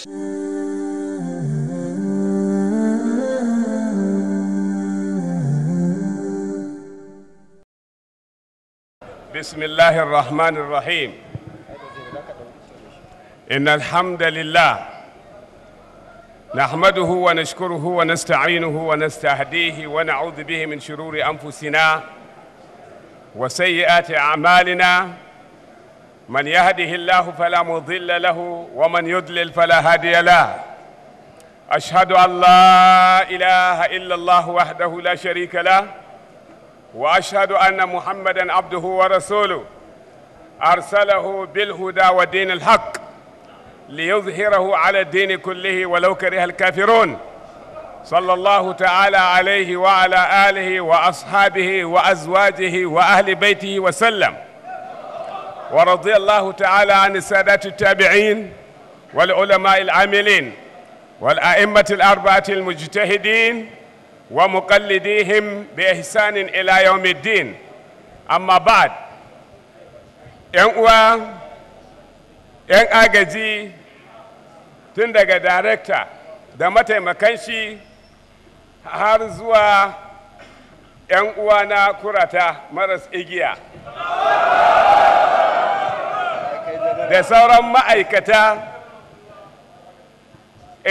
بسم الله الرحمن الرحيم إن الحمد لله نحمده ونشكره ونستعينه ونستهديه ونعوذ به من شرور أنفسنا وسيئات أعمالنا من يهده الله فلا مضل له ومن يضلل فلا هادي له أشهد أن لا إله إلا الله وحده لا شريك له وأشهد أن محمدا عبده ورسوله أرسله بالهدى ودين الحق ليظهره على الدين كله ولو كره الكافرون صلى الله تعالى عليه وعلى آله وأصحابه وأزواجه وأهل بيته وسلم ورضي الله تعالى عن السادة التابعين والعلماء العاملين والأئمة الأربعة المجتهدين ومقلديهم بإحسان إلى يوم الدين أما بعد uwa 'yan agaji tun daga darekta da mataimakan shi har zuwa 'yan uwa na kurata maras igiya da sauran ma'aikata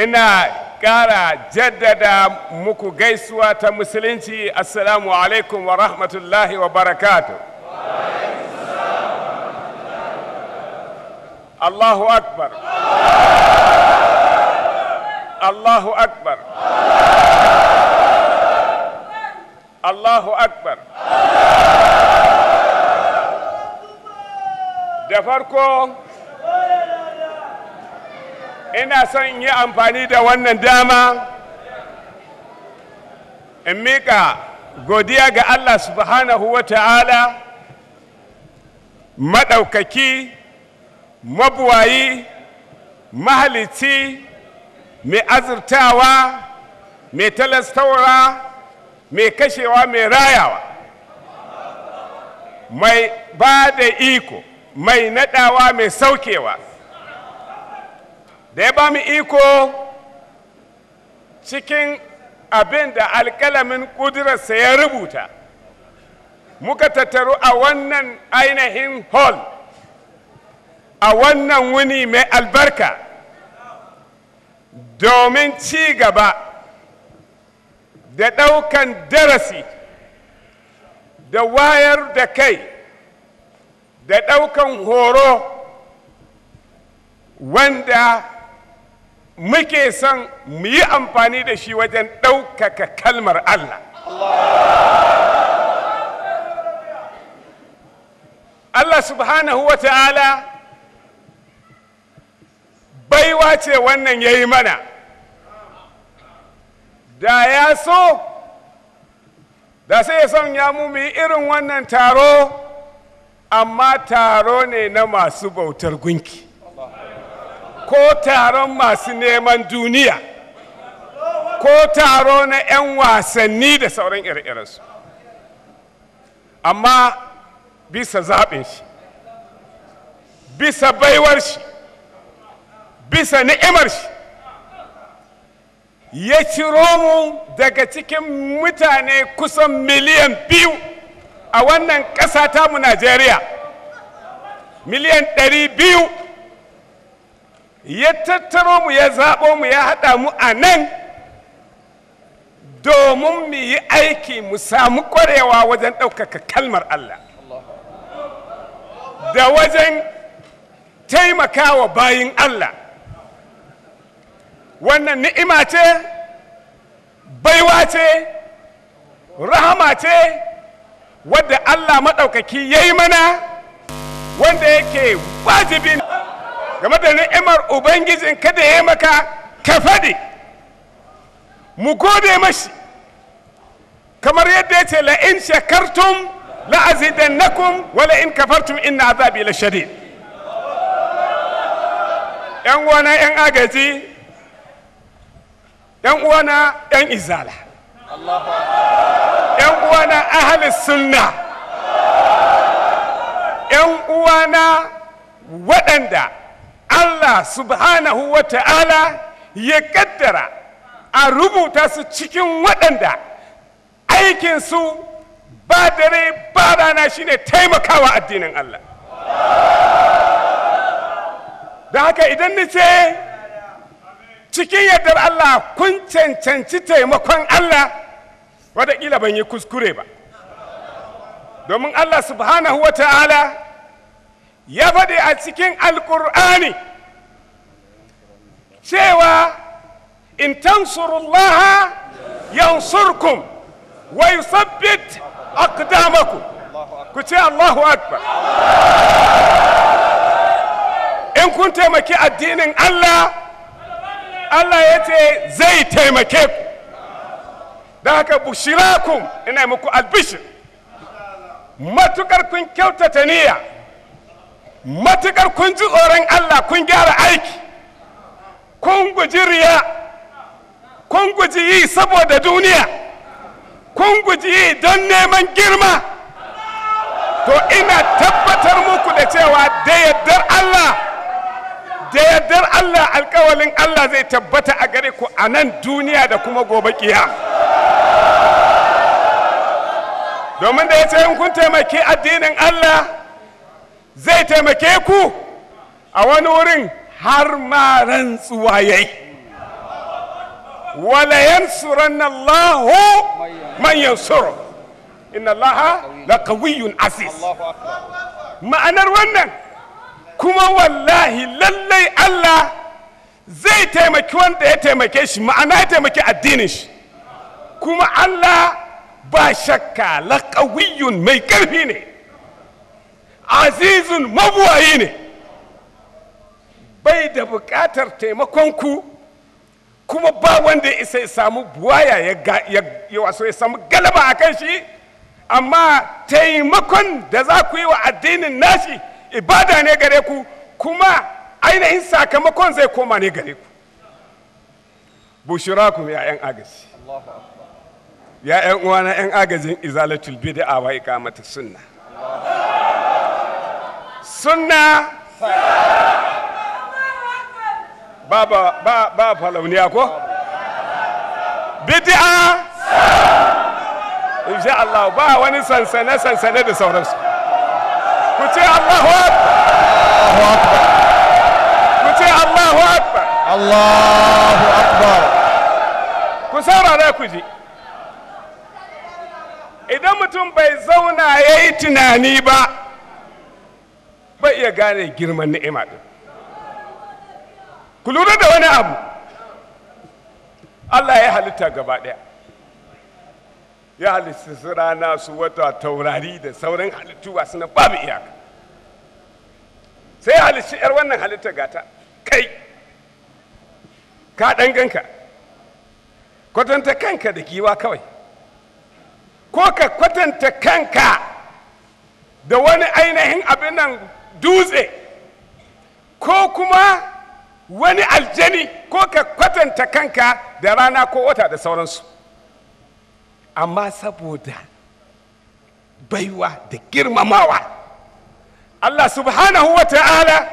ina ƙara jaddada muku gaisuwa ta musulunci assalamu alaikum wa rahmatullahi wa barakatu Allahu akbar Allahu akbar Allahu akbar da farko ina son in yi amfani da wannan dama in miƙa godiya ga allah subhanahu wa ta'ala maɗaukaki mabuwayi mahalici mai azurtawa mai talastawa mai kashewa mai rayawa mai ba da iko mai naɗawa mai saukewa da ya ba mu iko cikin abin da alƙalamin ƙudurarsa ya rubuta muka tattaru a wannan ainihin hall a wannan wuni mai albarka domin ci gaba da ɗaukan darasi da wayar da kai da ɗaukan horo wanda muke son mu yi amfani da shi wajen ɗaukaka kalmar Allah. Allah subhanahu wa ta'ala baiwa ce wannan ya yi mana, da ya so, da sai son ya mu yi irin wannan taro, amma taro ne na masu bautar gunki. ko taron masu neman duniya ko taro na 'yan wasanni da sauran ire-irensu amma bisa zaɓin shi bisa baiwar shi bisa ni'imar shi ya ciro mu daga cikin mutane kusan miliyan biyu a wannan ƙasa tamu najeriya miliyan ɗari biyu ya tattaro mu ya zaɓo mu ya haɗa mu a nan domin mu yi aiki mu samu ƙwarewa wajen ɗaukaka kalmar Allah da wajen taimakawa bayin Allah wannan ni'ima ce baiwa ce rahama ce wadda Allah maɗaukaki ya yi mana wanda yake wajibi game da ni'imar ubangijin kada ya maka ka faɗi mu gode mashi kamar yadda ya ce la'in shakartum la'azidannakum wala in kafartum inna azabi la shadid yan uwana yan agaji yan uwana yan izala yan uwana ahalis sunna yan uwana waɗanda allah subhanahu wa ta'ala ya kaddara a rubuta su cikin waɗanda aikinsu ba dare ba rana shi ne taimakawa addinin allah da haka idan ni ce cikin yardar allah kun cancanci taimakon allah wataƙila ban yi kuskure ba domin allah subhanahu wa ta'ala ya faɗi a cikin alƙur'ani cewa in tansurullaha yansurkum wa yusabbit aqdamakum ku ce Allahu akbar in kun taimaki addinin Allah Allah ya ce zai taimake ku da haka bushirakum ina muku albishir matukar kun kyautata niyya matukar kun ji tsoron Allah kun gyara aiki kun guji riya kun guji yi saboda duniya kun guji yi don neman girma to ina tabbatar muku da cewa da yaddar Allah da yardar Allah alkawalin Allah zai tabbata a gare ku a nan duniya da kuma gobe ƙiya domin da ya ce in kun taimaki addinin Allah zai taimake ku a wani wurin har ma rantsuwa ya yi walayen suran Allah manyan suru inna Allah la kawiyun asis ma'anar wannan kuma wallahi lallai Allah zai taimaki wanda ya taimake shi ma'ana ya taimake addinin shi kuma Allah ba shakka la kawiyun mai ƙarfi ne azizun mabuwayi ne bai da buƙatar taimakonku kuma ba wanda isa ya samu buwaya ya waso ya samu galaba a kan shi amma taimakon da za ku yi wa addinin nashi ibada ne gare ku kuma ainihin sakamakon zai koma ne gare ku bushira ku ya 'yan agaji ya 'yan uwana 'yan agajin izalatul bid'a wa iqamatus sunna sunna ba ba ba falauniya ko bid'a insha Allah ba wani sansane sansane da sauransu ku ce Allahu akbar ku ce Allahu akbar Allahu akbar ku saurara ku ji idan mutum bai zauna yayi tunani ba bai iya gane girman ni'ima ɗin ku lura da wani abu allah ya halitta gaba ɗaya ya halitta su rana su wata taurari da sauran halittu ba suna babu iyaka sai ya halitta yar wannan halitta gata kai ka ɗan ganka kwatanta kanka da giwa kawai ko ka kwatanta kanka da wani ainihin abin nan dutse ko kuma wani aljani ko ka kwatanta kanka da rana ko wata da sauransu amma saboda baiwa da girmamawa allah subhanahu wa ta'ala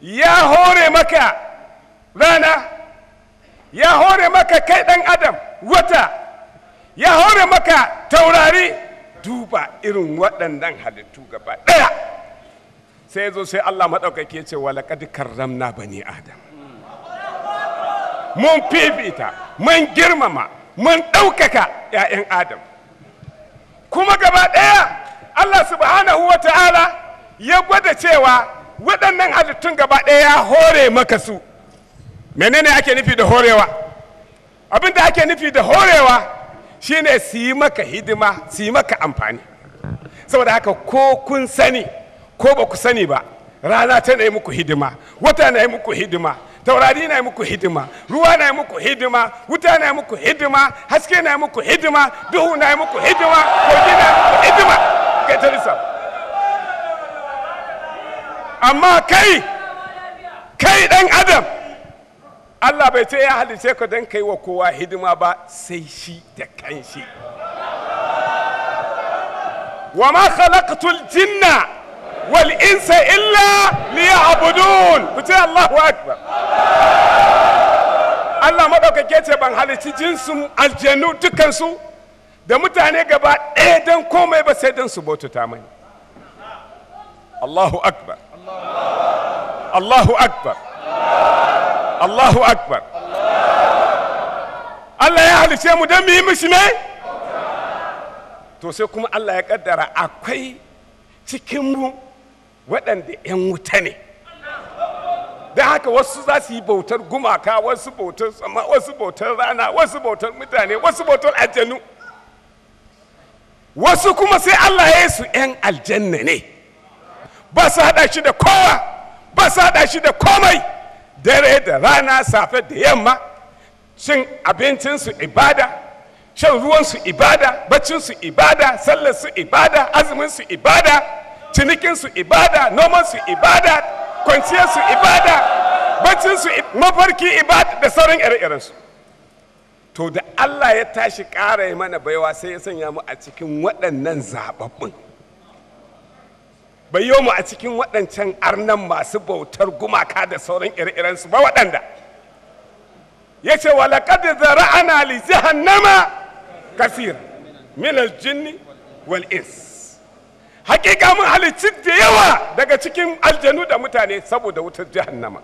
ya hore maka rana ya hore maka kai ɗan adam wata ya hore maka taurari duba irin waɗannan halittu gaba ɗaya sai zo sai Allah maɗaukake ce wa laqad karramna bani adam mun fifita mun girmama mun ɗaukaka 'ya'yan adam kuma gaba ɗaya Allah subhanahu wa ta'ala ya gwada cewa waɗannan halittun gaba ɗaya ya hore maka su menene ake nufi da horewa abin da ake nufi da horewa shine su yi maka hidima su yi maka amfani saboda haka ko kun sani ko ba ku sani ba rana tana yi muku hidima wata na yi muku hidima taurari na yi muku hidima ruwa na yi muku hidima wuta na yi muku hidima haske na yi muku hidima duhu na yi muku hidima kogi na yi muku hidima ga tarisa amma kai kai dan adam allah bai ce ya halice ka don kai wa kowa hidima ba sai shi da kanshi wa ma khalaqtul jinna wal insa illa liya'budun ku ce Allahu akbar Allah madaukake ce ban halarci jinsin aljanu dukansu da mutane gaba ɗaya don komai ba sai don su bautata mani Allahu akbar Allahu akbar Allahu akbar Allah ya halice mu don mu yi mishi ne to sai kuma Allah ya ƙaddara akwai cikinmu waɗanda 'yan wuta ne don haka wasu za su yi bautar gumaka wasu bautar tsama wasu bautar rana wasu bautar mutane wasu bautar aljanu wasu kuma sai allah ya su 'yan aljanna ne ba su haɗa shi da kowa ba su haɗa shi da komai dare da rana safe da yamma cin abincinsu ibada shan ruwansu ibada baccinsu ibada sallarsu ibada azuminsu ibada cinikinsu ibada nomansu ibada su ibada su mafarki ibada da sauran ire su to da allah ya tashi ƙara mana baiwa sai ya sanya mu a cikin waɗannan zababbin bai mu a cikin waɗancan arnan masu bautar gumaka da sauran ire su ba waɗanda ya ce wa laƙad zara'ana li jahannama kasir min jini, wal hakika mun halicci da yawa daga cikin aljanu da mutane saboda wutar jahannama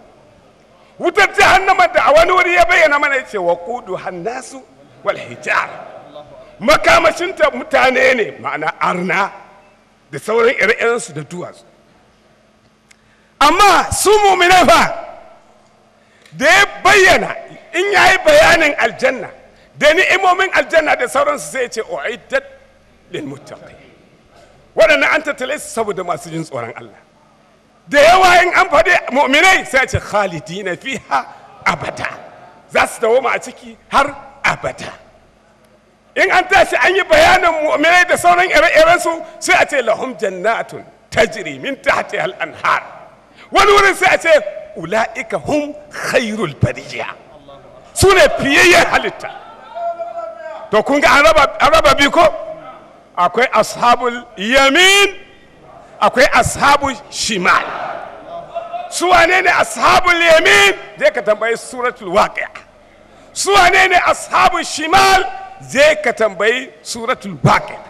wutar jahannama da a wani wuri ya bayyana mana ya ce wa kudu hannasu wal hijar makamashinta mutane ne ma'ana arna da sauran ire-irensu da duwatsu amma su muminai fa da ya bayyana in ya yi bayanin aljanna da ni imomin aljanna da sauransu sai ya ce o'iddat lil muttaqin waɗannan an tattale su saboda masu jin tsoron Allah da yawa in an faɗi mu'minai sai a ce khalidina fiha abada za su dawoma a ciki har abada in an tashi an yi bayanin mu'minai da sauran ire-iren su sai a ce lahum jannatun tajri min tahtiha al-anhar wani wurin sai a ce ula'ika hum khairul bariya su ne fiyayyen halitta to kun ga an raba bi ko akwai ashabul yamin akwai ashabul shimal su wane ne ashabul yamin zai ka tambayi suratul waqi'a su wane ne ashabul shimal zai ka tambayi suratul waqi'a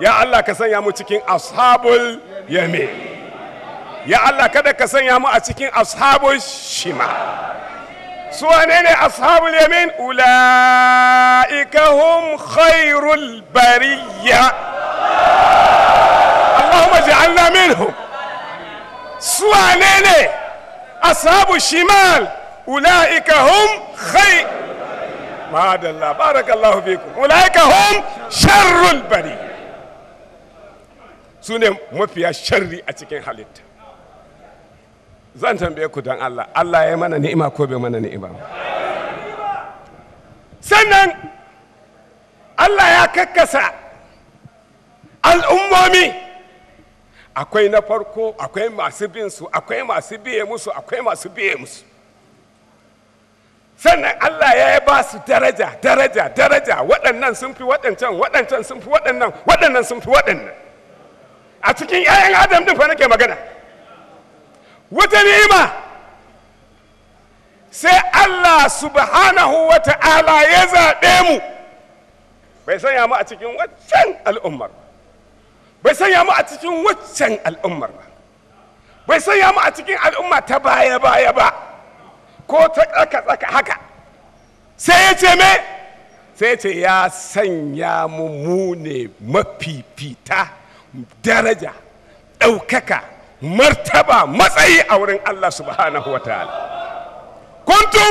ya Allah ka sanya mu cikin ashabul yamin ya Allah kada ka sanya mu a cikin ashabul shimal سواء أصحاب اليمين أولئك هم خير البرية اللهم اجعلنا منهم سواء أصحاب الشمال أولئك هم خير ما الله بارك الله فيكم أولئك هم شر البرية سنة مفيا شر أتكين حالتها zan tambaye ku don Allah Allah ya mana ni'ima ko bai mana ni'ima sannan Allah ya kakkasa al'ummomi akwai na farko akwai masu bin su akwai masu biye musu akwai masu biye musu sannan Allah ya ba su daraja daraja daraja waɗannan sun fi waɗancan waɗancan sun fi waɗannan waɗannan sun fi waɗannan a cikin 'ya'yan adam din fa nake magana wata ni'ima sai allah subhanahu wa ta'ala ya zaɓe mu bai sanya mu a cikin waccan al'ummar ba bai sanya mu a cikin waccan al'ummar ba bai sanya mu a cikin al'umma ta baya baya ba ko ta tsaka tsaka haka sai ya ce me sai ya ce ya sanya mu mu ne mafifita daraja ɗaukaka martaba matsayi a wurin Allah subhanahu wa ta'ala kuntum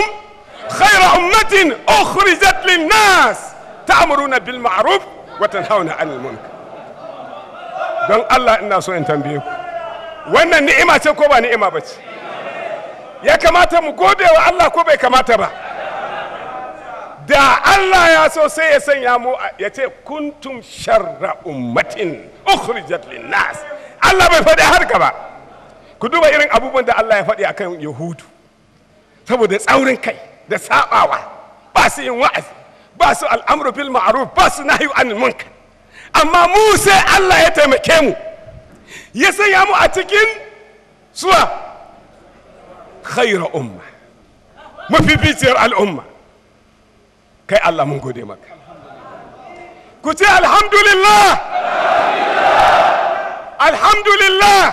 khayra ummatin ukhrijat lin-nas ta'muruna bil ma'ruf wa tanhauna 'anil munkar don Allah ina so in tambaye ku wannan ni'ima ce ko ba ni'ima bace ya kamata mu gode wa Allah ko bai kamata ba da Allah ya so sai ya sanya mu ya ce kuntum sharra ummatin ukhrijat lin-nas Allah bai faɗi harka ba ku duba irin abubuwan da Allah ya faɗi akan yahudu saboda tsaurin kai da sabawa ba su yin wa'azi ba su al'amru bil ba su nahyu anil munkar amma mu sai Allah ya taimake mu ya sanya mu a cikin suwa khaira umma mafificiyar al'umma kai Allah mun gode maka ku ce alhamdulillah الحمد لله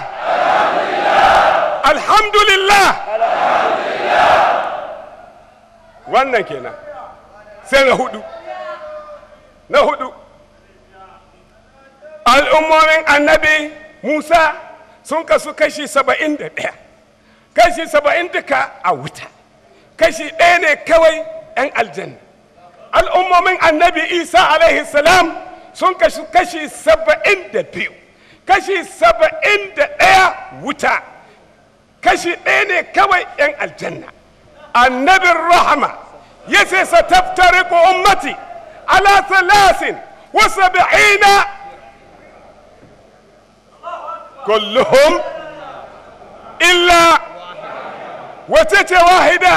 الحمد لله wannan kenan sai na hudu na hudu al'ummomin annabi musa sun kasu kashi saba'in da ɗaya kashi saba'in duka a wuta kashi ɗaya ne kawai 'yan aljanna al'ummomin annabi isa alaihi salam sun kasu kashi saba'in da biyu kashi saba'in da ɗaya wuta kashi ɗaya ne kawai 'yan aljanna annabin rahama ya ce sa taftari ko ummati ala salasin wasu ba'ina kulluhum illa wace ce wahida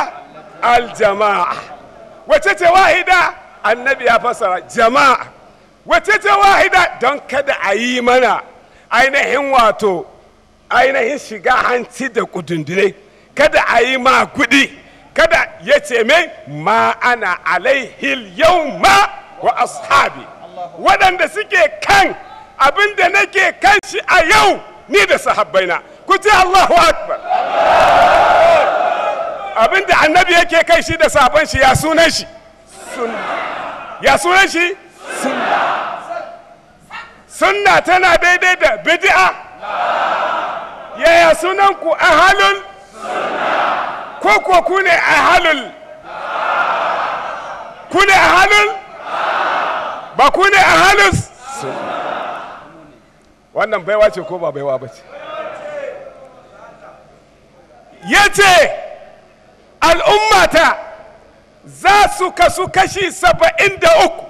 aljama'a wace ce wahida annabi ya fasara jama'a wace ce wahida don kada a yi mana ainihin wato ainihin shiga hanci da kudundure kada a yi ma kudi kada ya ce mai ma ana alaihil yau ma wa ashabi waɗanda suke kan abin da nake kan shi a yau ni da sahabbaina ku ce allahu akbar abin da annabi yake kai shi da sabon shi shi ya sunan shi sunna tana daidai da bid'a yaya sunan ku ahalul ko ko ku ne ahalul ku ne ahalul ba ku ne ahalus wannan baiwa ce ko ba baiwa ba ce ya ce al'ummata za su kasu kashi saba'in da uku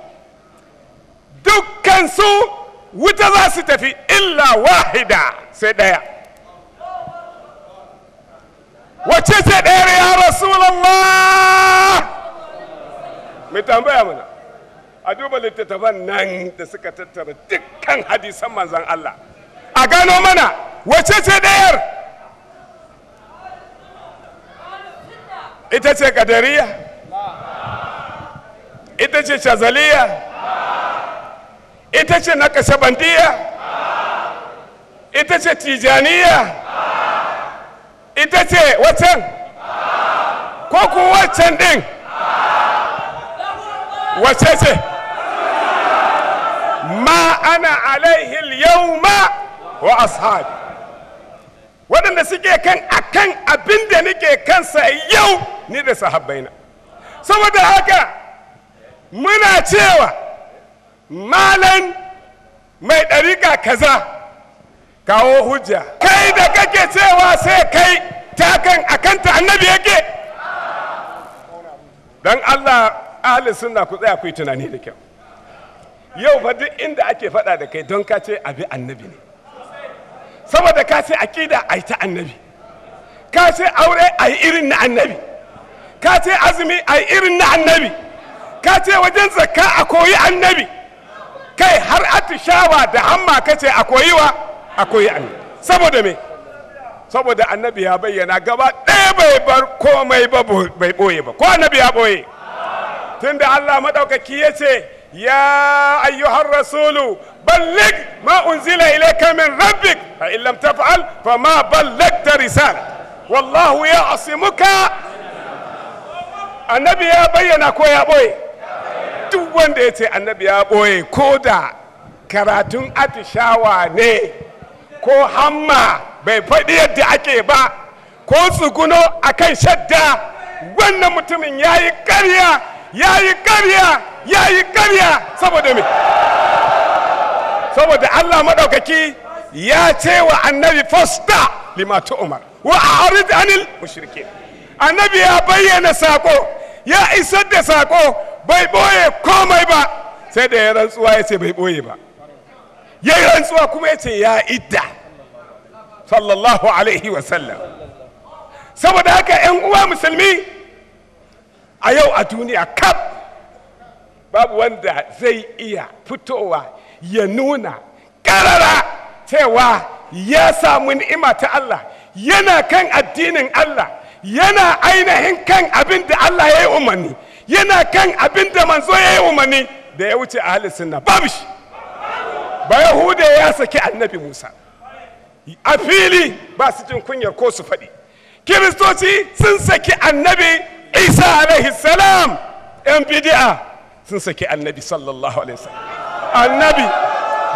dukkansu wuta za su tafi illa wahida sai ɗaya wace ce ɗayar ya rasulallah tambaya mana a duba littattafan nan da suka tattara dukkan hadisan manzan Allah a gano mana wace ce ɗayar ita ce kadariya ita ce shazaliya ita ce na kasabandiya ita ce tijaniya ita ce wacan ko kuma wacan din wace ce ma ana yau ma wa ashabi waɗanda suke kan akan abin da nake kansa yau ni da sahabbaina saboda haka muna cewa Malam mai ɗariƙa kaza kawo hujja kai da kake cewa sai kai takan akanta annabi yake don allah ahalin suna ku tsaya ku yi tunani da kyau yau fa duk inda ake faɗa da kai don ka ce abi annabi ne saboda ka ce aƙida a yi ta annabi ka ce aure a yi irin na annabi ka ce azumi a yi irin na annabi ka ce wajen zakka a koyi annabi kai har atishawa da hamma kace a wa a koyi saboda me saboda annabi ya bayyana gaba ɗaya bai bar komai ba bai ɓoye ba ko annabi ya tun tunda Allah maɗaukaki ya ce ya ayyuhar rasulu ballig ma unzila ilayka min rabbik fa in lam taf'al fa ma ballagta risala wallahu ya asimuka annabi ya bayyana ko ya ɓoye duk wanda ya ce annabi ya ɓoye ko da karatun atishawa ne ko hamma bai faɗi yadda ake ba ko tsuguno a kan shadda wannan mutumin ya yi karya ya yi karya ya yi karya saboda me saboda allah maɗaukaki ya ce wa annabi fosta limatu umar wa a anil mushrikin annabi ya bayyana sako ya isar da sako bai ɓoye komai ba sai da ya rantsuwa ya ce bai boye ba ya yi rantsuwa kuma ya ce ya idda sallallahu alaihi wasallam saboda haka 'yan uwa musulmi a yau a duniya kaf babu wanda zai iya fitowa ya nuna karara cewa ya samu ni'ima ta Allah yana kan addinin Allah yana ainihin kan abin da Allah ya yi umarni yana kan abin da manzo ya yi umarni da ya wuce a halin sunna babu shi ba yahuda ya saki annabi musa a fili ba su jin kunyar ko su faɗi kiristoci sun saki annabi isa alaihi salam yan bidi'a sun saki annabi sallallahu alaihi salam annabi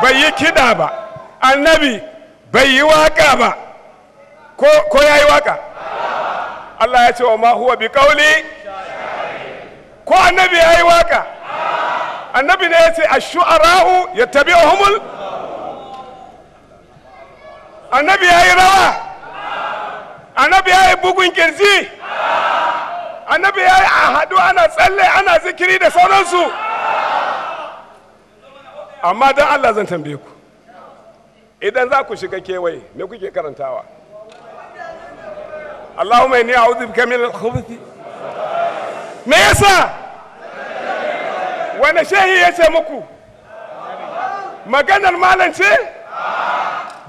bai yi kiɗa ba annabi bai yi waka ba ko ya yi waka Allah ya ce wa ma huwa bi kauli annabi ya yi waka annabi ne ya ce a shu'ara'u ya tabi humul annabi ya yi rawa annabi ya yi bugun kirji annabi ya yi a haɗu ana tsalle ana zikiri da sauransu amma don allah zan tambaye ku idan za ku shiga kewaye me kuke karantawa allahumma inni a'udhu bika min al-khubuthi me yasa wane shehi ya ce muku maganar malam ce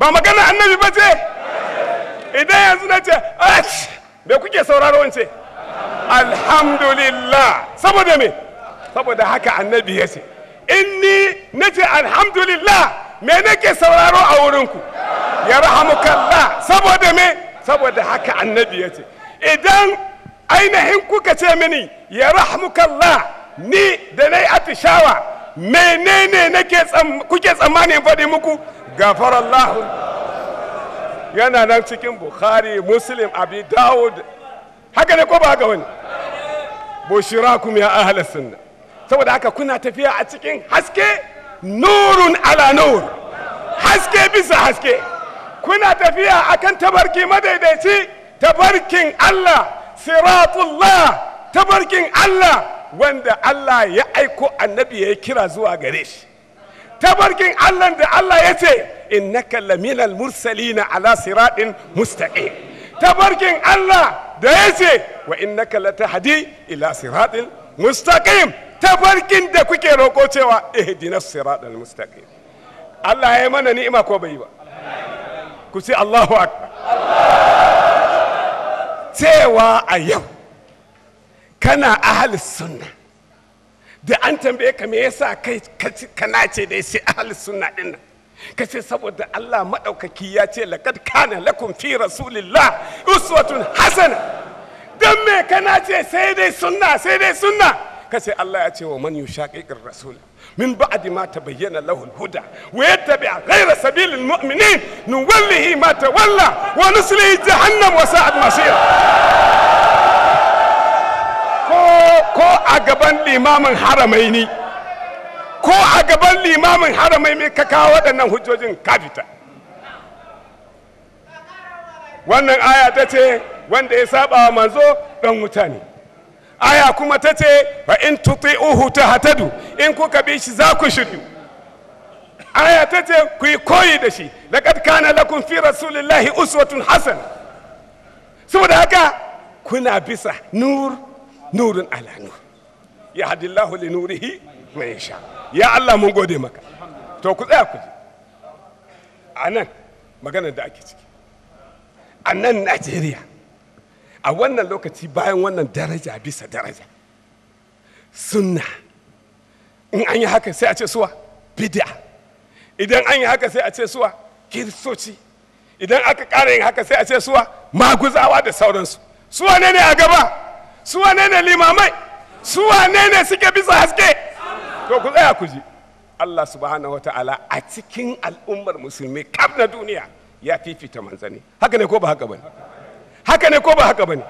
ba maganar annabi ba ce idan yanzu na ce ach bai kuke sauraro wance alhamdulillah saboda me saboda haka annabi ya ce inni na ce alhamdulillah me nake sauraro a wurinku ya rahamukalla saboda me saboda haka annabi ya ce idan ainihin kuka ce mini ya kalla. ni da na yi atishawa menene nake kuke tsammanin faɗi muku gafarallahu yana nan cikin bukhari muslim abi dawud haka ne ko ba haka wani kuma ya ahla sunna saboda haka kuna tafiya a cikin haske nurun ala nur haske bisa haske kuna tafiya akan tabarki madaidaici tabarkin allah siratullah tabarkin Allah wanda Allah ya aiko annabi ya kira zuwa gare shi tabarkin Allah da Allah ya ce innaka laminal mursalina ala siratin mustaqim tabarkin Allah da ya ce wa innaka latahdi ila siratin mustaqim tabarkin da kuke roko cewa ihdinas siratal mustaqim Allah ya mana ni'ima ko bai ba ku ce Allahu akbar cewa a yau kana ahalis sunna da an tambaye ka me yasa kai kana ce dai sai ahalis sunna din nan kace saboda Allah madaukaki ya ce laqad kana lakum fi rasulillah uswatun hasana dan me kana ce sai dai sunna sai dai sunna ce Allah ya ce wa man yushaqiqir rasul min ba'di ma tabayyana lahu al-huda wa yattabi' ghayra sabilil mu'minin nuwallihi ma tawalla wa nuslihi jahannam wa sa'at masir ko a gaban limamin haramai ne ko a gaban limamin haramai mai ka kawo waɗannan hujjojin kafita wannan aya ta ce wanda ya saba wa manzo ɗan wuta ne aya kuma ta ce ba in uhu ta hatadu in kuka bi shi za ku shiryu aya ta ce ku yi koyi da shi laqad kana lakun fi rasulillahi uswatun hassan saboda haka kuna bisa nur Nurin ala nur ya hadillahu li nurihi mai yasha ya Allah mun gode maka to ku tsaya ku ji anan maganar da ake ciki a nan Najeriya a wannan lokaci bayan wannan daraja bisa daraja sunna in an yi haka sai a ce suwa bid'a idan an yi haka sai a ce suwa kiristoci idan aka ƙara yin haka sai a ce suwa maguzawa da sauransu suwa ne ne a gaba su wane ne limamai su wane ne suke bisa haske to ku tsaya ku ji Allah subhanahu wa ta'ala a cikin al'ummar musulmi kaf na duniya ya fifita manzani haka ne ko ba haka bane haka ne ko ba haka bane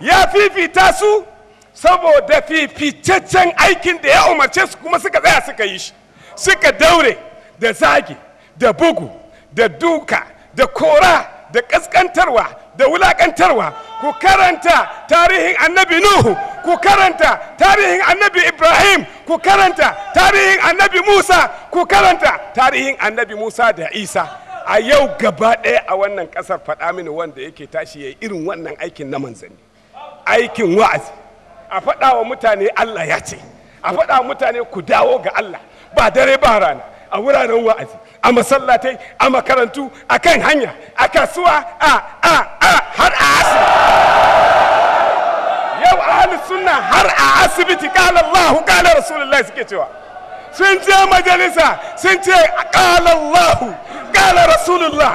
ya fifita su saboda fifitaccen aikin da ya umarce su kuma suka tsaya suka yi shi suka daure da zagi da bugu da duka da kora da kaskantarwa da wulakantarwa ku karanta tarihin annabi nuhu ku karanta tarihin annabi ibrahim ku karanta tarihin annabi musa ku karanta tarihin annabi musa da isa a yau gaba ɗaya a wannan ƙasar faɗa mini wanda yake tashi ya irin wannan aikin na manzanni aikin wa'azi a faɗa wa mutane allah ya ce a faɗa wa mutane ku dawo ga allah ba dare ba rana a wuraren wa'azi a masallatai a makarantu a kan hanya a kasuwa a a har a asibiti yau ahalus sunna har a asibiti kala Allahu kala rasulullahi suke cewa sun je majalisa sun ce kala Allahu kala rasulullah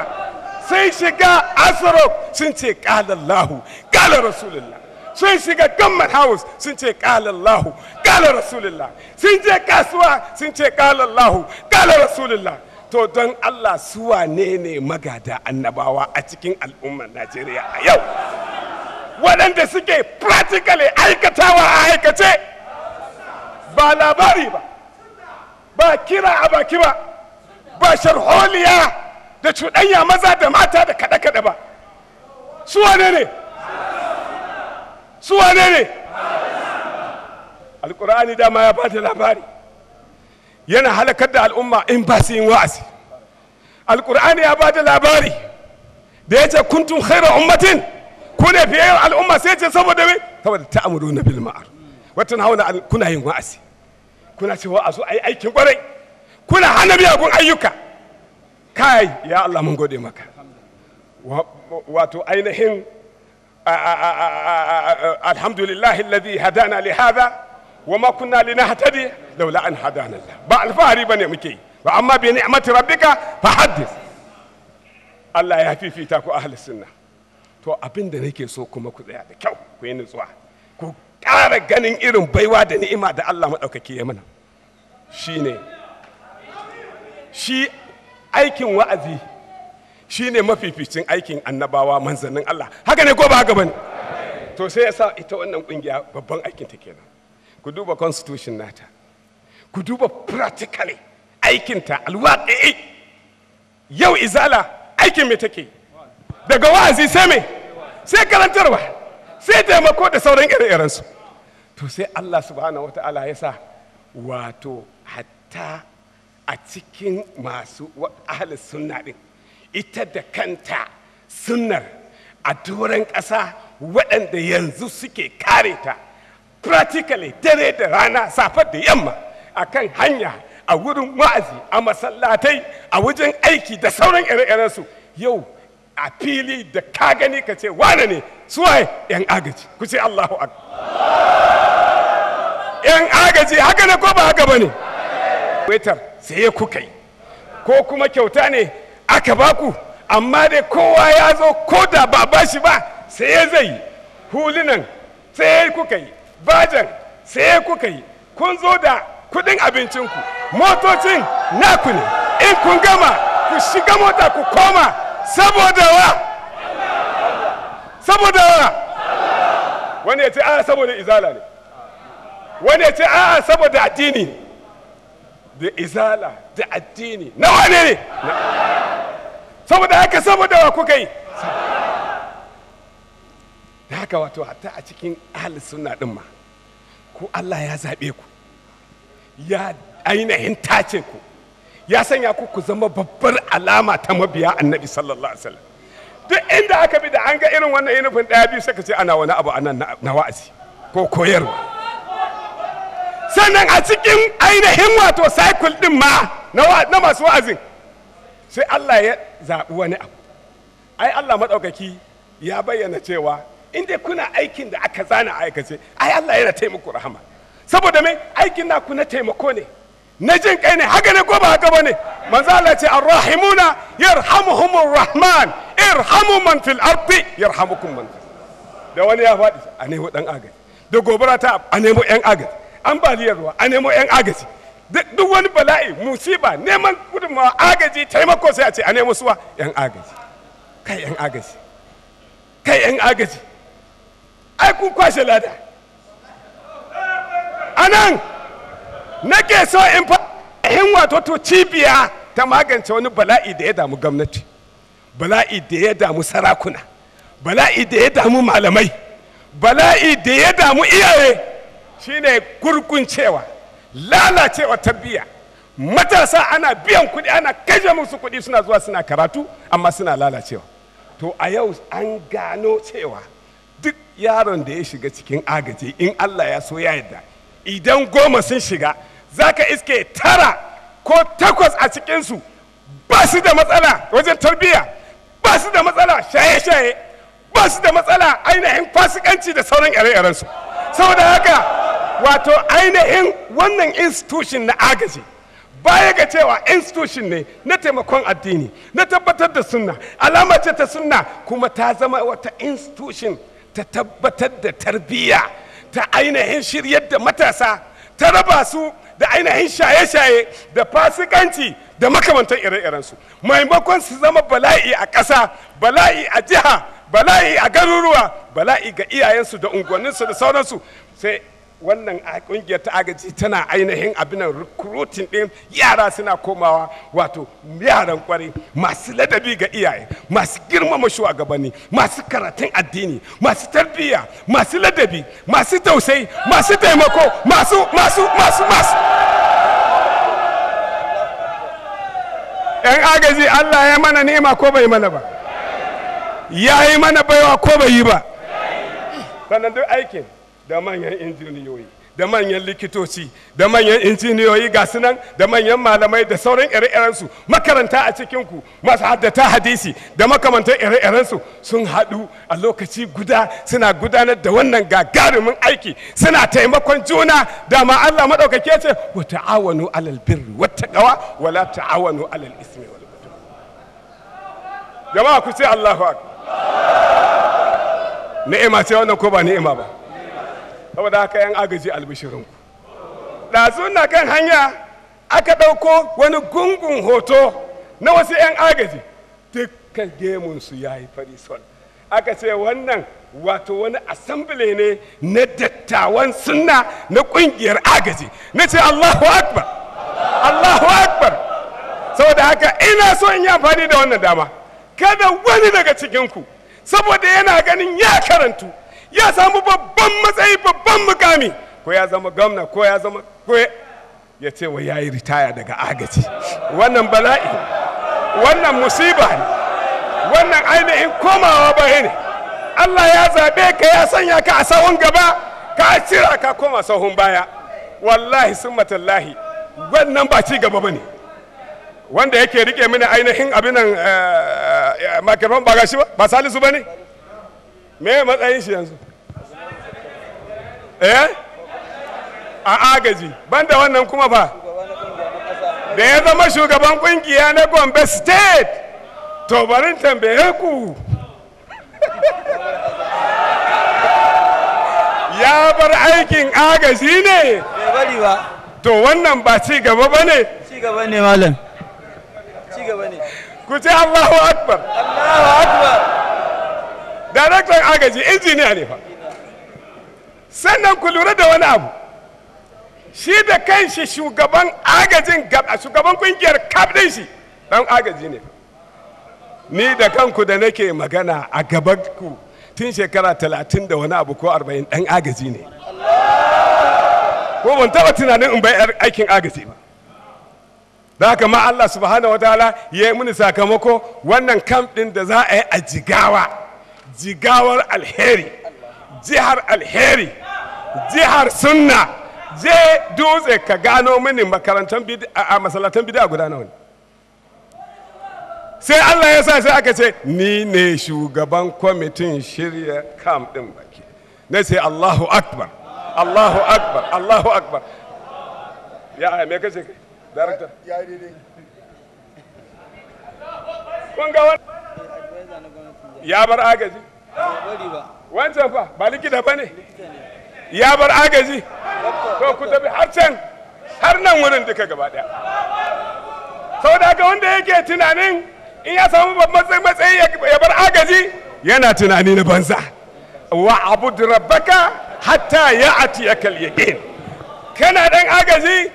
sun shiga asarok sun ce kala Allahu kala rasulullah sun shiga gammat house sun ce kala Allahu kala rasulullah sun je kasuwa sun ce kala Allahu kala rasulullah to don allah su wane ne magada annabawa a cikin al'ummar najeriya a yau waɗanda suke practically aikatawa a aikace ba labari ba ba kira a baki ba ba sharholiya da cuɗanya maza da mata da kaɗe-kaɗe ba su wane ne su wane ne alkur'ani dama ya ba da labari yana halakar da al'umma in ba su yin wa'azi alkur'ani ya ba da labari da ya ce kuntum khaira ummatin ku ne fiye yin al'umma sai ce saboda me saboda ta amuru na bil ma'ar wata na hauna kuna yin wa'azi kuna cewa wa'azu zo a yi aikin kwarai kuna hana miyagun ayyuka kai ya Allah mun gode maka wato ainihin alhamdulillah alladhi hadana li hadha wa ma kunna linahtadi laula an hadana Allah ba alfahari bane muke yi ba amma bi ni'mati rabbika fa haddith Allah ya fifita ku ahli sunna to abin da nake so kuma ku tsaya da kyau ku yi nutsuwa ku ƙara ganin irin baiwa da ni'ima da Allah maɗaukaki ya mana shine shi aikin wa'azi shine mafificin aikin annabawa manzannin Allah haka ne ko ba haka bane to sai ita wannan kungiya babban aikin ta kenan ku duba constitution nata ku duba practically aikinta alwaƙi yau izala aikin me take daga wa'azi sai me sai karantarwa sai taimako da sauran ire su to sai allah subhanahu wata'ala ya sa wato hatta a cikin masu ahalin sunna din ita da kanta sunnar a turan ƙasa waɗanda yanzu suke kare ta practically dare da rana safar da yamma a kan hanya a wurin wa'azi a masallatai a wajen aiki da sauran ire su yau a fili da ka gani ka ce wane ne suwaye 'yan agaji ku ce allahu akbar 'yan agaji haka ne ko ba haka ba ne waitar sai ya kuka yi ko kuma kyauta ne aka baku amma dai kowa ya zo ko da ba bashi ba sai zai hulunan sai ya kuka yi bajan sai kuka yi kun zo da kudin abincinku motocin naku ne in kun gama ku shiga mota ku koma saboda wa saboda wa wani ya ce a'a saboda izala ne wani ya ce a'a saboda addini da izala da addini na wane ne saboda haka saboda wa kuka yi ya haka wato hatta a cikin ahal sunna din ma ku Allah ya zaɓe ku ya ainihin tace ku ya sanya ku ku zama babbar alama ta mabiya annabi sallallahu alaihi wasallam duk inda aka bi da an ga irin wannan yunifin ɗaya biyu suka ce ana wani abu anan na wa'azi ko koyarwa sannan a cikin ainihin wato cycle din ma na masu wa'azin sai Allah ya zaɓi wani abu ai Allah maɗaukaki ya bayyana cewa in dai kuna aikin da aka zana aikace ai Allah yana taimako rahama saboda mai aikin na ku na taimako ne na jin kai ne haka ne ko ba haka bane manzo Allah ce arrahimuna yarhamuhumur rahman irhamu man fil ardi yarhamukum man da wani ya faɗi a nemo ɗan agaji da gobara ta a nemo yan agaji ambaliyar ruwa a nemo yan agaji duk wani bala'i musiba neman gudunmawa agaji taimako sai a ce a nemo suwa yan agaji kai yan agaji kai yan agaji ai kun kwashe lada anan nake so in fahim wato to cibiya ta magance wani bala'i da ya damu gwamnati bala'i da ya damu sarakuna bala'i da ya damu malamai bala'i da ya damu iyaye shine gurguncewa lalacewa ta biya matasa ana biyan kuɗi ana kashe musu kuɗi suna zuwa suna karatu amma suna lalacewa to a yau an gano cewa yaron da ya shiga cikin agaji in allah ya so ya yadda idan goma sun shiga za ka iske tara ko takwas a cikinsu ba su da matsala wajen tarbiyya ba su da matsala shaye-shaye ba su da matsala ainihin fasikanci da sauran ire saboda haka wato ainihin wannan institution na agaji baya ga cewa institution ne na taimakon addini na tabbatar da sunna alama ce ta sunna kuma ta zama wata institution ta tabbatar da tarbiyya ta ainihin shiryar da matasa ta raba su da ainihin shaye-shaye da fasikanci da makamantan ire-irensu maimakon su zama bala'i a ƙasa bala'i a jiha bala'i a garuruwa bala'i ga iyayensu da unguwanninsu da sauransu sai wannan kungiyar ta agaji tana ainihin abinan recruiting ɗin yara suna komawa wato yaran kwarai masu ladabi ga iyaye masu girmama shugabanni masu karatun addini masu tarbiyya masu ladabi masu tausayi masu taimako masu masu masu masu yan agaji allah ya mana nema ko bai mana ba ya yi mana baiwa ko bai yi ba sannan duk aikin da manyan injiniyoyi da manyan likitoci da manyan injiniyoyi ga sunan da manyan malamai da sauran ire-irensu makaranta a cikinku masu haddata hadisi da makamantan ire-irensu sun haɗu a lokaci guda suna gudanar da wannan gagarumin aiki suna taimakon juna da ma Allah maɗaukake ce wa ta'awanu alal birri wa taqwa wa la ta'awanu alal ismi wal jama'a ku ce Allahu akbar ni'ima ce wannan ko ba ni'ima ba saboda haka yan agaji albishirinku ɗazu na kan hanya aka ɗauko wani gungun hoto na wasu yan agaji dukkan gemunsu ya yi fari sol aka ce wannan wato wani assembly ne na dattawan sunna na ƙungiyar agaji na ce allahu akbar allahu akbar saboda haka ina so in yi amfani da wannan dama kada wani daga cikinku saboda yana ganin ya karantu ya samu babban matsayi babban mukami ko ya zama gwamna ko ya zama ko ya ce wa ya yi ritaya daga agaji wannan bala'i wannan musiba ne wannan ainihin komawa bai ne allah ya zaɓe ka ya sanya ka a sahun gaba ka cira ka koma sahun baya wallahi sun matallahi wannan ba ci gaba ba ne wanda yake rike mini ainihin abinan eh, eh, makarfan ba gashi ba ba salisu ba ne me matsayin shi yanzu eh a agaji banda wannan kuma ba da ya zama shugaban kungiya na gombe state to barin tambaye ku ya bar aikin agaji ne bari ba to wannan ba ci gaba ba ne ci gaba ne malam ci gaba ne ku ce allahu akbar allahu akbar daraktan agaji injiniya ne fa sannan ku lura da wani abu shi da kanshi shugaban agajin shugaban kungiyar kaf din shi dan agaji ne ni da kanku da nake magana a gaban ku tun shekara talatin da wani abu ko arba'in dan agaji ne ko ban taba tunanin in bai aikin agaji ba da haka ma Allah subhanahu ta'ala ya yi mini sakamako wannan kamp din da za a yi a jigawa jigawar alheri jihar alheri jihar sunna je dutse ka gano mini makarantar a masalatan bidiya guda nawa ne sai allah ya sa sai aka ce ni ne shugaban kwamitin shirya kam din baki na sai allahu akbar allahu akbar allahu akbar ya aya me kace kai director ya yi daidai kun ga wani ya bar agaji wancan fa ba likita ba ne ya bar agaji to ku tafi har can har nan wurin duka gaba daya sau da ga wanda yake tunanin in ya samu babban matsayi ya bar agaji yana tunani na banza wa abu rabbaka hatta ya ya yaqin kana dan agaji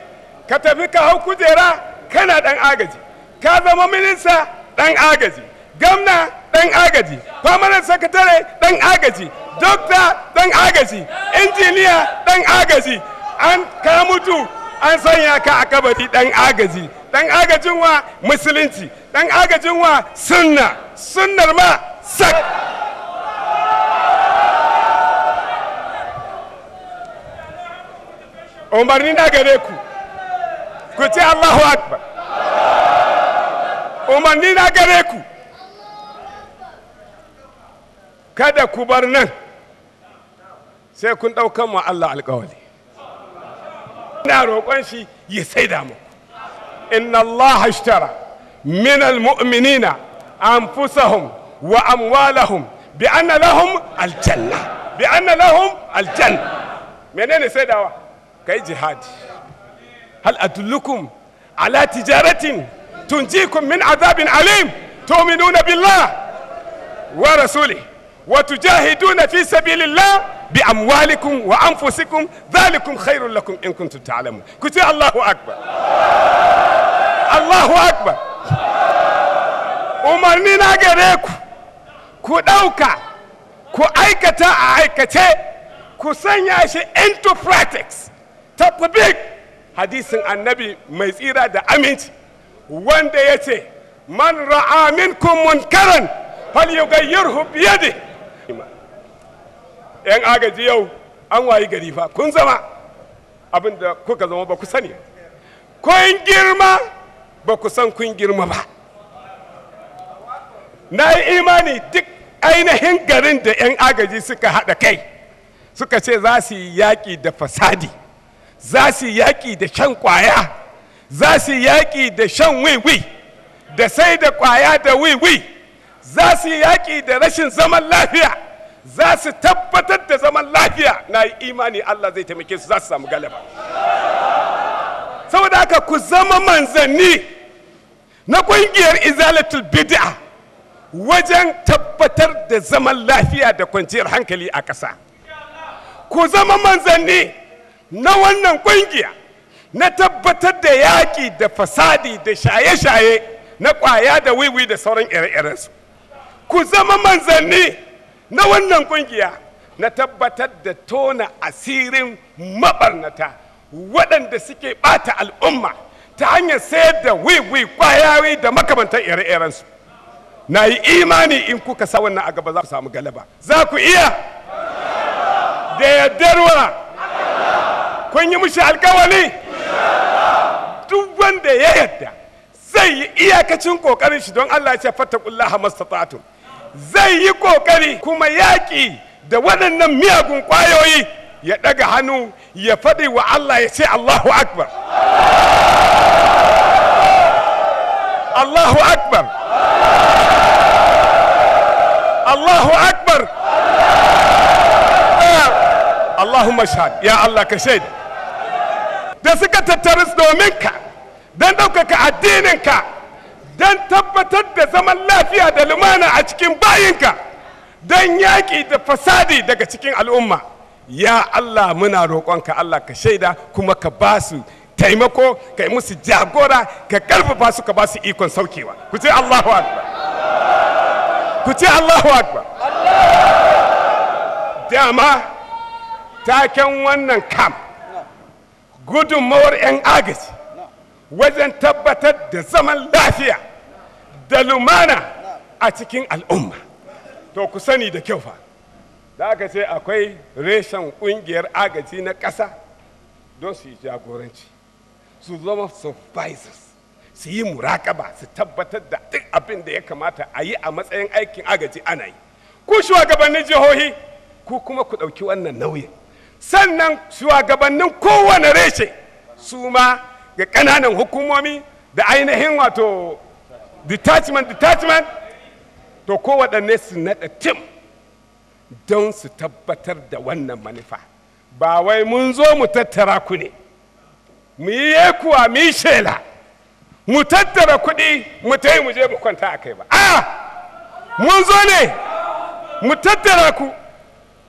ka tafi ka hau kujera kana dan agaji ka zama minista Ɗan agaji gamna ɗan agaji kwamanan sakatare ɗan agaji dokta ɗan agaji injiniya ɗan agaji an ka mutu an sanya ka a kabari ɗan agaji ɗan agajin wa musulunci ɗan agajin wa sunna sunnar ma sak umarni na gare ku ku ce allahu akbar umarni na gare ku kada ku bar nan sai kun ɗaukan wa Allah alƙawali ina roƙon shi ya saida mu inna Allah ashtara min almu'minina anfusahum wa amwalahum bi anna lahum aljanna bi anna lahum aljanna menene saidawa kai jihadi hal adullukum ala tijaratin tunjikum min azabin alim tu'minuna billah wa rasulih wa tujahiduna fi sabilillah bi amwalikum wa anfusikum dhalikum khairul lakum in kuntum ta'lamun ku ce Allahu akbar Allahu akbar umarni na gare ku ku ɗauka ku aikata a aikace ku sanya shi into practice tabbik hadisin annabi mai tsira da aminci wanda ya ce man ra'a minkum munkaran falyughayyirhu biyadihi rahima yan agaji yau an wayi gari fa kun zama abin kuka zama ba ku sani kun girma ba ku san kun girma ba na yi imani duk ainihin garin da 'yan agaji suka haɗa kai suka ce za su yi yaƙi da fasadi za su yi yaƙi da shan ƙwaya za su yi yaƙi da shan wiwi da sai da ƙwaya da wiwi za su yi yaƙi da rashin zaman lafiya za su tabbatar da zaman lafiya na yi imani Allah zai taimake su za su samu galaba saboda haka ku zama manzanni na ƙungiyar izalatul bid'a wajen tabbatar da zaman lafiya da kwanciyar hankali a ƙasa ku zama manzanni na wannan ƙungiya na tabbatar da yaƙi da fasadi da shaye-shaye na ƙwaya da wiwi da sauran ire-irensu ku zama manzanni na wannan kungiya na tabbatar da tona asirin mabarnata waɗanda suke ɓata al'umma ta hanyar sayar da wiwi kwayawi da makamantar ire-irensu na yi imani in kuka sa wannan a gaba za ku samu galaba za ku iya da yardarwa kun yi mushi alkawali duk wanda ya yarda zai yi iyakacin kokarin shi don allah ya ce fattakullaha mastata'atun zai yi kokari kuma yaƙi da waɗannan miyagun ƙwayoyi ya ɗaga hannu ya faɗi wa Allah ya ce Allahu Akbar. Allahu Akbar. Allahu Akbar. Ah. Allahu shahad ya Allah ka shaida. Da suka tattaru domin ka don ɗaukaka addininka. don tabbatar da zaman lafiya da lumana a cikin bayinka don yaƙi da fasadi daga cikin al'umma ya allah muna roƙonka allah ka shaida kuma ka ba su taimako ka yi musu jagora ka karfafa su ka ba su ikon saukewa ku ce allahu akbar ku ce allahu akbar dama taken wannan kam gudunmawar 'yan agaji wajen tabbatar da zaman lafiya da lumana a cikin al'umma to ku sani da kyau fa da aka ce akwai reshen ƙungiyar agaji na ƙasa don su yi jagoranci su zama supervisors su yi muraƙaba su tabbatar da duk abin da ya kamata a yi a matsayin aikin agaji ana yi ku shugabannin jihohi ku kuma ku ɗauki wannan nauyin sannan shugabannin kowane reshe su ma ga ƙananan hukumomi da ainihin wato detachment detachment to kowaɗanne su naɗa tim don su tabbatar da wannan manufa ba wai mun zo mu tattara ku ne mu yi yekuwa mu yi shela mu tattara kuɗi mu ta yi mu je mu kwanta a kai ba a mun zo ne mu tattara ku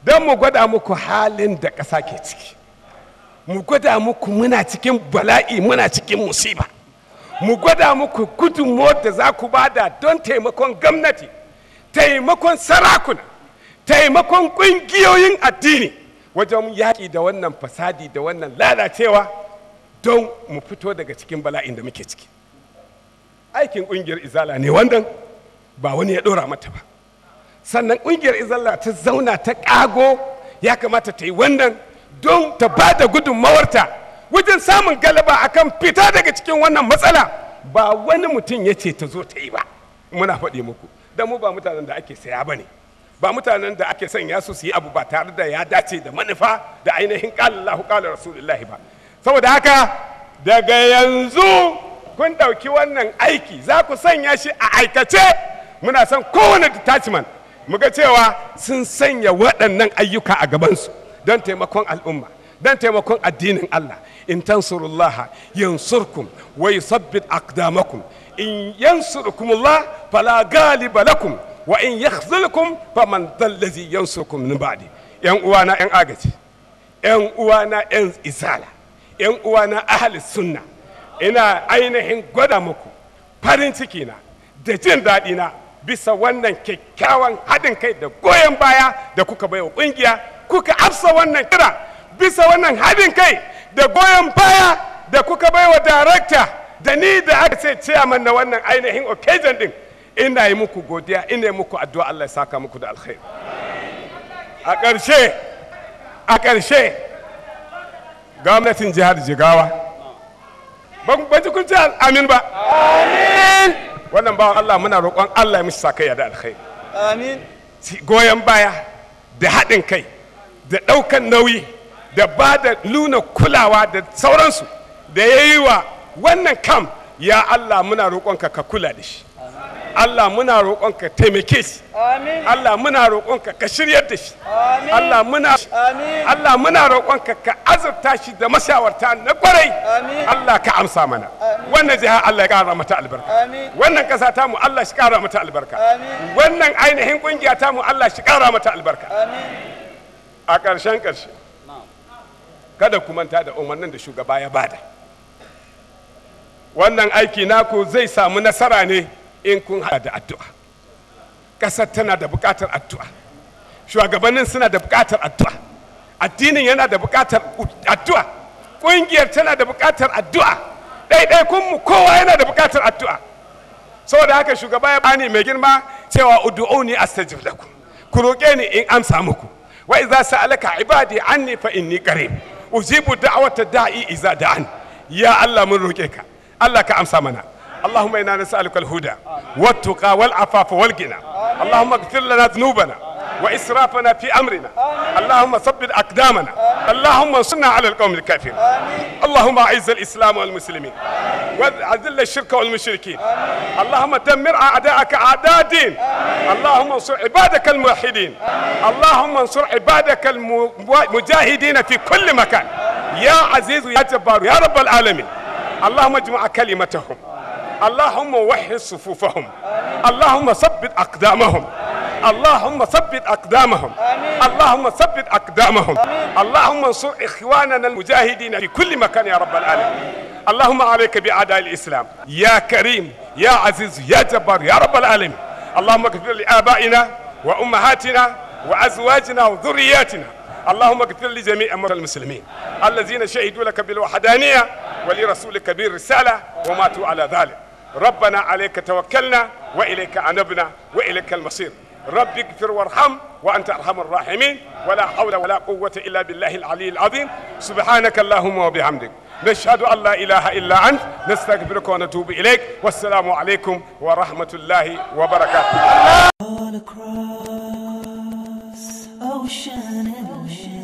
don mu gwada muku halin da ƙasa ke ciki mu gwada muku muna cikin bala'i muna cikin musiba mu gwada muku gudunmuwar da za ku bada don taimakon gwamnati taimakon sarakuna taimakon ƙungiyoyin addini wajen yaƙi da wannan fasadi da wannan lalacewa don mu fito daga cikin bala'in da muke ciki aikin ƙungiyar izala ne wannan ba wani ya ɗora mata ba sannan ƙungiyar izala ta zauna ta ƙago ya kamata ta yi wannan don ta ba da gudunmawarta wajen samun galaba akan fita daga cikin wannan matsala ba wani mutum ya ce ta zo ta yi ba muna faɗi muku da mu ba mutanen da ake saya ba ne ba mutanen da ake sanya su su yi abu ba tare da ya dace da manufa da ainihin ƙalallahu ƙalar rasulullahi ba saboda haka daga yanzu kun ɗauki wannan aiki za ku sanya shi a aikace muna son kowane detachment muga cewa sun sanya waɗannan ayyuka a gabansu don taimakon al'umma don taimakon addinin Allah in tansurullaha yansurkum wa yusabbit aqdamakum in yansurukumullah fala galiba lakum wa in yakhzulkum faman ladhi yansurkum min ba'di yan uwana yan agaji yan uwana yan isala yan uwana ahli sunna ina ainihin gwada muku farin ciki na da jin daɗi na bisa wannan kyakkyawan haɗin kai da goyon baya da kuka baiwa ƙungiya kuka afsa wannan kira bisa wannan haɗin kai da goyon baya da kuka baiwa darakta da ni da aka ce ciyaman na wannan ainihin occasion din ina yi muku godiya ina yi muku addu'a Allah ya saka muku da alkhairi a ƙarshe a ƙarshe gwamnatin jihar jigawa ba ji kun ce amin ba amin wannan bawan Allah muna roƙon Allah ya mishi ya da alkhairi amin goyon baya da haɗin kai da ɗaukan nauyi da ba da nuna kulawa da sauransu da ya yi wa wannan kam ya Allah muna roƙonka ka kula da shi Allah muna roƙonka taimake shi Allah muna roƙonka ka shiryar da shi Allah muna Allah roƙonka ka azurta shi da mashawarta na kwarai Allah ka amsa mana wannan jiha Allah ya ƙara mata albarka wannan ƙasa ta mu Allah shi ƙara mata albarka wannan ainihin ƙungiya ta mu Allah shi ƙara mata albarka a ƙarshen ƙarshe kada ku manta da umarnin da shugaba ya bada wannan aiki naku zai samu nasara ne in kun haɗa da addu'a ƙasar tana da buƙatar addu'a shugabannin suna da buƙatar addu'a addinin yana da buƙatar addu'a ƙungiyar tana da buƙatar addu'a ɗaiɗaikunmu kowa yana da buƙatar addu'a saboda haka shugaba ya bani mai girma cewa ud'uni astajib lakum ku roƙe ni in amsa muku wa idza sa'alaka ibadi anni fa inni qarib أجيب دعوة الداعي إذا دعان يا الله من رجيك الله Allah ka اللهم انا نسالك الهدى والتقى والعفاف والقنا اللهم اغفر لنا ذنوبنا وإسرافنا في أمرنا آمين. اللهم ثبت أقدامنا آمين. اللهم انصرنا على القوم الكافرين اللهم أعز الإسلام والمسلمين وأذل الشرك والمشركين آمين. اللهم دمر أعداءك أعداء الدين اللهم انصر عبادك الموحدين اللهم انصر عبادك المجاهدين في كل مكان يا عزيز يا جبار يا رب العالمين اللهم اجمع كلمتهم اللهم وحد صفوفهم اللهم ثبت أقدامهم اللهم ثبت أقدامهم آمين. اللهم ثبت أقدامهم آمين. اللهم انصر إخواننا المجاهدين في كل مكان يا رب العالمين اللهم عليك بأعداء الإسلام يا كريم يا عزيز يا جبار يا رب العالمين اللهم اغفر لآبائنا وأمهاتنا وأزواجنا وذرياتنا اللهم اغفر لجميع أمر المسلمين الذين شهدوا لك بالوحدانية ولرسولك بالرسالة وماتوا على ذلك ربنا عليك توكلنا وإليك أنبنا وإليك المصير رب اغفر وارحم وأنت أرحم الراحمين ولا حول ولا قوة إلا بالله العلي العظيم سبحانك اللهم وبحمدك نشهد أن لا إله إلا أنت نستغفرك ونتوب إليك والسلام عليكم ورحمة الله وبركاته